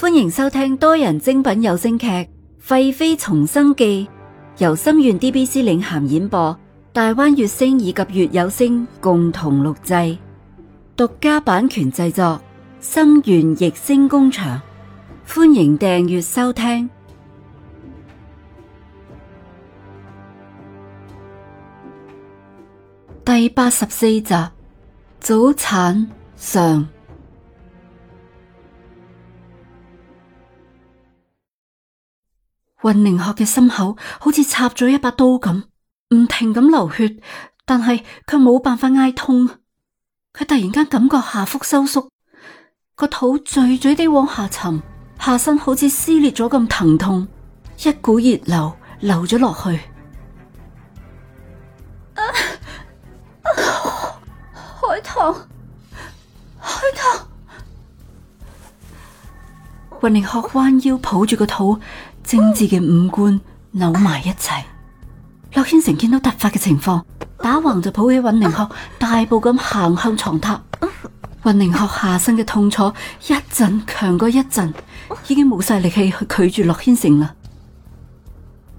歡迎收聽多人精品有聲劇《廢妃重生記》，由心願 DBC 領銜演播，大灣月星以及月有聲共同錄製，獨家版權製作，心願逸星工場。歡迎訂閱收聽第八十四集《早產上》。溫寧學嘅心口好似插咗一把刀咁，唔停咁流血，但係佢冇辦法嗌痛。佢突然間感覺下腹收縮，個肚錐錐地往下沉，下身好似撕裂咗咁疼痛，一股熱流流咗落去。雲寧鶴彎腰抱住個肚，精致嘅五官扭埋一齊。洛軒成見到突發嘅情況，打橫就抱起雲寧鶴，大步咁行向床榻。雲寧鶴下身嘅痛楚一陣強過一陣，已經冇晒力氣去拒絕洛軒成啦。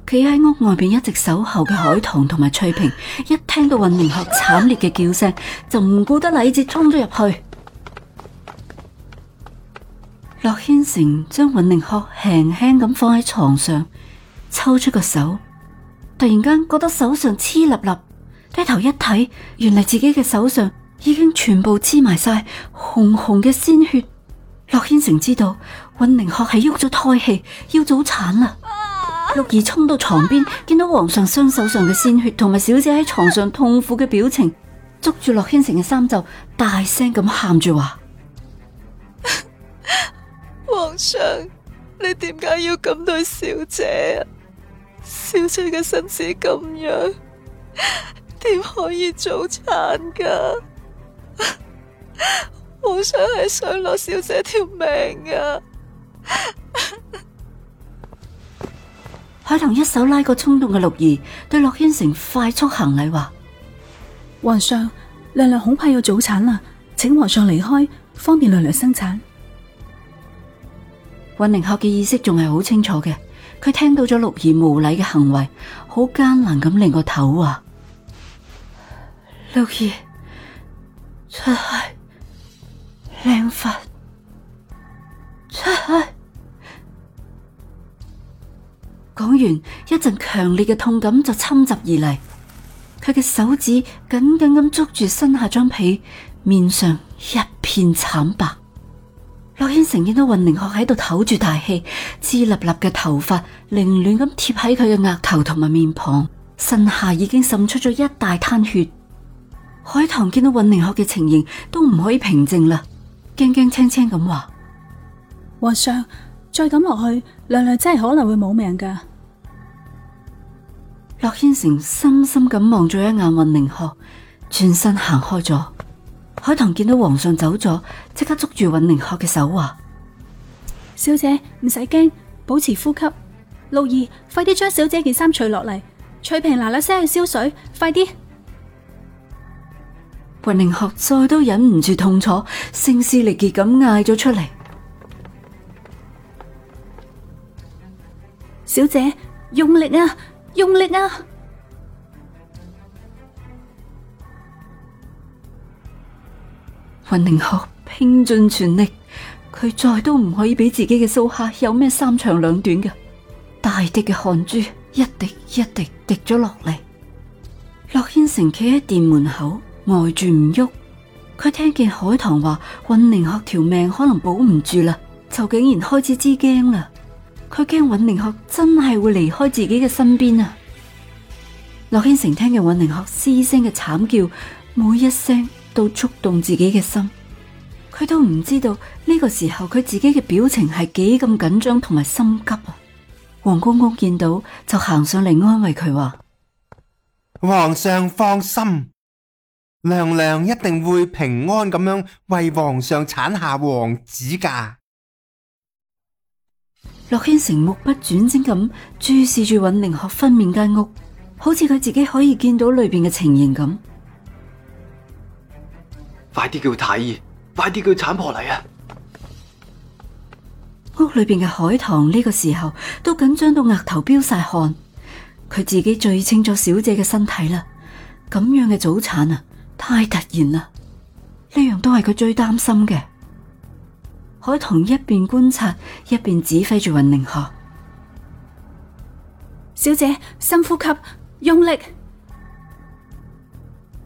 企喺屋外邊一直守候嘅海棠同埋翠萍，一聽到雲寧鶴慘烈嘅叫聲，就唔顧得禮節衝咗入去。洛軒成將尹寧鶴輕輕咁放喺床上，抽出個手，突然間覺得手上黐立立，低頭一睇，原嚟自己嘅手上已經全部黐埋晒紅紅嘅鮮血。洛軒成知道尹寧鶴係喐咗胎氣，要早產啦。玉兒衝到床邊，見到皇上雙手上嘅鮮血同埋小姐喺床上痛苦嘅表情，捉住洛軒成嘅衫袖，大聲咁喊住話。皇上，你點解要咁對小姐啊？小姐嘅身子咁弱，點可以早產噶？皇上係想攞小姐條命啊！海 棠一手拉過衝動嘅六兒，對洛軒成快速行禮話：皇上，娘娘恐怕要早產啦，請皇上離開，方便娘娘生產。溫寧學嘅意識仲係好清楚嘅，佢聽到咗六兒無禮嘅行為，好艱難咁擰個頭話：六兒出去，靚發出去。講完，一陣強烈嘅痛感就侵襲而嚟，佢嘅手指緊緊咁捉住身下張被，面上一片慘白。洛軒成見到云寧學喺度唞住大氣，支立立嘅頭髮凌亂咁貼喺佢嘅額頭同埋面龐，身下已經滲出咗一大灘血。海棠見到云寧學嘅情形，都唔可以平靜啦，驚驚青青咁話：皇上，再咁落去，娘娘真係可能會冇命噶。洛軒成深深咁望咗一眼云寧學，轉身行開咗。海棠見到皇上走咗，即刻捉住云寧鶴嘅手話：小姐唔使驚，保持呼吸。六兒，快啲將小姐件衫除落嚟。翠平嗱嗱聲去燒水，快啲。云寧鶴再都忍唔住痛楚，聲嘶力竭咁嗌咗出嚟：小姐，用力啊，用力啊！尹寧鶴拼盡全力，佢再都唔可以俾自己嘅蘇蝦有咩三長兩短嘅。大滴嘅汗珠一滴一滴滴咗落嚟。洛軒成企喺店門口，呆住唔喐。佢聽見海棠話尹寧鶴條命可能保唔住啦，就竟然開始知驚啦。佢驚尹寧鶴真係會離開自己嘅身邊啊！洛軒成聽見尹寧鶴嘶聲嘅慘叫，每一聲，都觸動自己嘅心，佢都唔知道呢個時候佢自己嘅表情係幾咁緊張同埋心急啊！王公公見到就行上嚟安慰佢話：皇上放心，娘娘一定會平安咁樣為皇上產下王子噶。洛軒成目不轉睛咁注視住尹寧學分娩間屋，好似佢自己可以見到裏邊嘅情形咁。快啲叫佢睇，快啲叫佢產婆嚟啊！屋裏邊嘅海棠呢個時候都緊張到額頭飆晒汗，佢自己最清楚小姐嘅身體啦。咁樣嘅早產啊，太突然啦！呢樣都係佢最擔心嘅。海棠一邊觀察一邊指揮住雲寧鶴：小姐深呼吸，用力。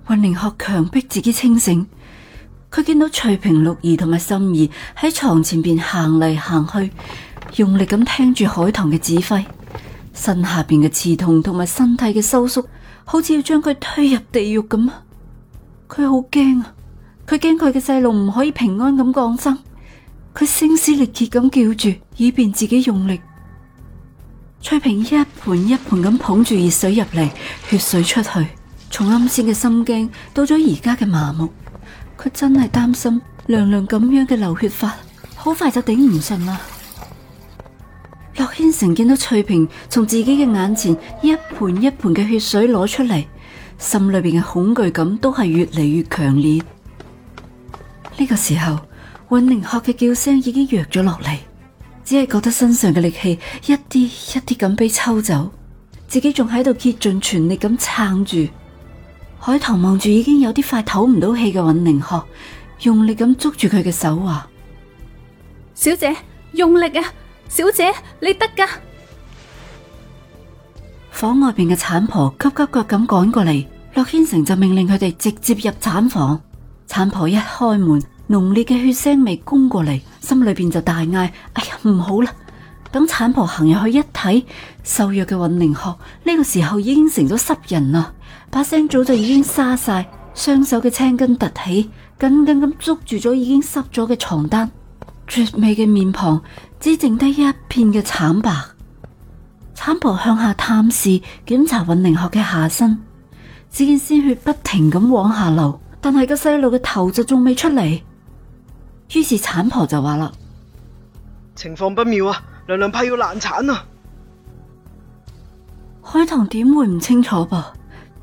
雲寧鶴強迫自己清醒。佢見到翠平六兒同埋心兒喺床前邊行嚟行去，用力咁聽住海棠嘅指揮，身下邊嘅刺痛同埋身體嘅收縮，好似要將佢推入地獄咁啊！佢好驚啊！佢驚佢嘅細路唔可以平安咁降生。佢聲嘶力竭咁叫住，以便自己用力。翠平一盆一盆咁捧住熱水入嚟，血水出去，從啱先嘅心驚到咗而家嘅麻木。佢真係擔心娘娘咁樣嘅流血法，好快就頂唔順啦。洛軒成見到翠萍從自己嘅眼前一盤一盤嘅血水攞出嚟，心裏邊嘅恐懼感都係越嚟越強烈。呢個時候，尹寧鶴嘅叫聲已經弱咗落嚟，只係覺得身上嘅力氣一啲一啲咁被抽走，自己仲喺度竭盡全力咁撐住。海棠望住已經有啲快唞唔到氣嘅尹寧鶴，用力咁捉住佢嘅手話：小姐用力啊！小姐你得㗎。房外邊嘅產婆急急腳咁趕過嚟，駱軒成就命令佢哋直接入產房。產婆一開門，濃烈嘅血腥味攻過嚟，心裏邊就大嗌：哎呀唔好啦！等產婆行入去一睇，瘦弱嘅尹寧學呢個時候已經成咗濕人啦，把聲早就已經沙晒，雙手嘅青筋突起，緊緊咁捉住咗已經濕咗嘅床單，絕美嘅面龐只剩低一片嘅慘白。產婆向下探視檢查尹寧學嘅下身，只見鮮血不停咁往下流，但係個細路嘅頭就仲未出嚟。於是產婆就話啦：情況不妙啊！娘娘怕要難產啊！海棠點會唔清楚吧？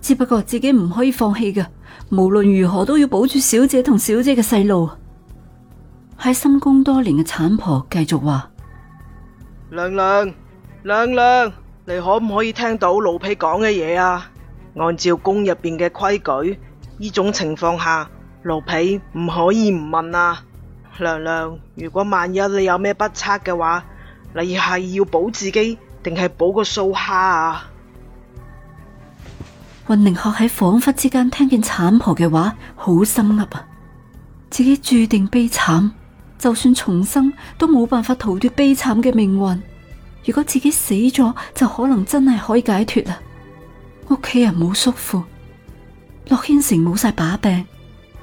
只不過自己唔可以放棄㗎，無論如何都要保住小姐同小姐嘅細路。喺深宮多年嘅產婆繼續話：娘娘，娘娘，你可唔可以聽到奴婢講嘅嘢啊？按照宮入邊嘅規矩，呢種情況下，奴婢唔可以唔問啊！娘娘，如果萬一你有咩不測嘅話，你係要保自己，定係保個蘇蝦啊？雲寧鶴喺恍惚之間聽見產婆嘅話，好心悒啊！自己注定悲慘，就算重生都冇辦法逃脫悲慘嘅命運。如果自己死咗，就可能真係可以解脫啊！屋企人冇叔父，駱軒成冇晒把柄，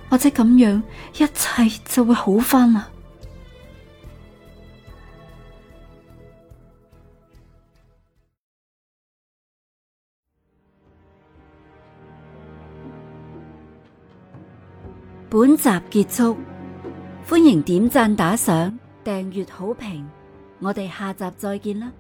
或者咁樣一切就會好翻啦。本集結束，歡迎點讚打賞、訂閱好評，我哋下集再見啦！